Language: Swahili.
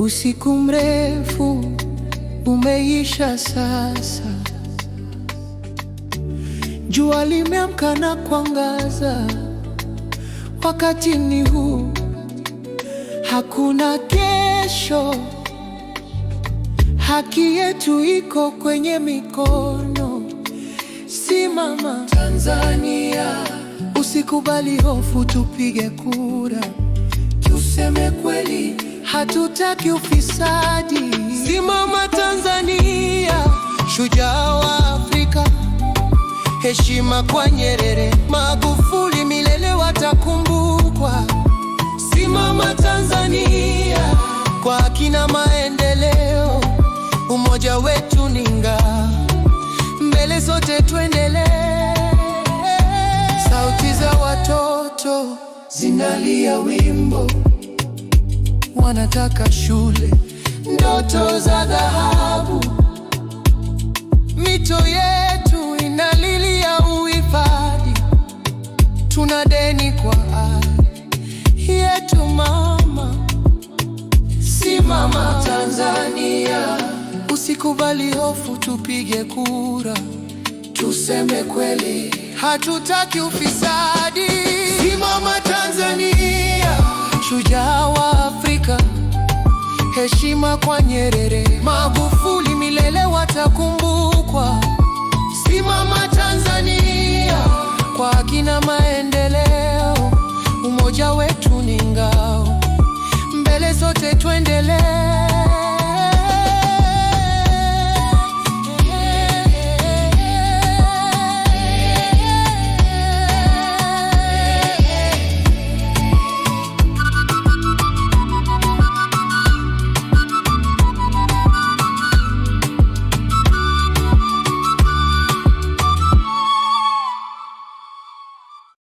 Usiku mrefu umeisha sasa, jua limeamka na kuangaza. Wakati ni huu, hakuna kesho. Haki yetu iko kwenye mikono. Simama Tanzania, usikubali hofu, tupige kura, tuseme hatutaki ufisadi. Simama Tanzania, shujaa wa Afrika, heshima kwa Nyerere, Magufuli milele watakumbukwa. Simama Tanzania, kwa kina maendeleo, umoja wetu ni ngao, mbele sote tuendelee. Sauti za watoto zinalia wimbo wanataka shule, ndoto za dhahabu. Mito yetu inalilia uhifadhi, tuna deni kwa ardhi yetu mama. Simama Tanzania, usikubali hofu, tupige kura, tuseme kweli, hatutaki ufisadi. heshima kwa Nyerere, Magufuli milele watakumbukwa. Simama Tanzania kwa akina maendeleo, umoja wetu ni ngao, mbele zote tuendelee.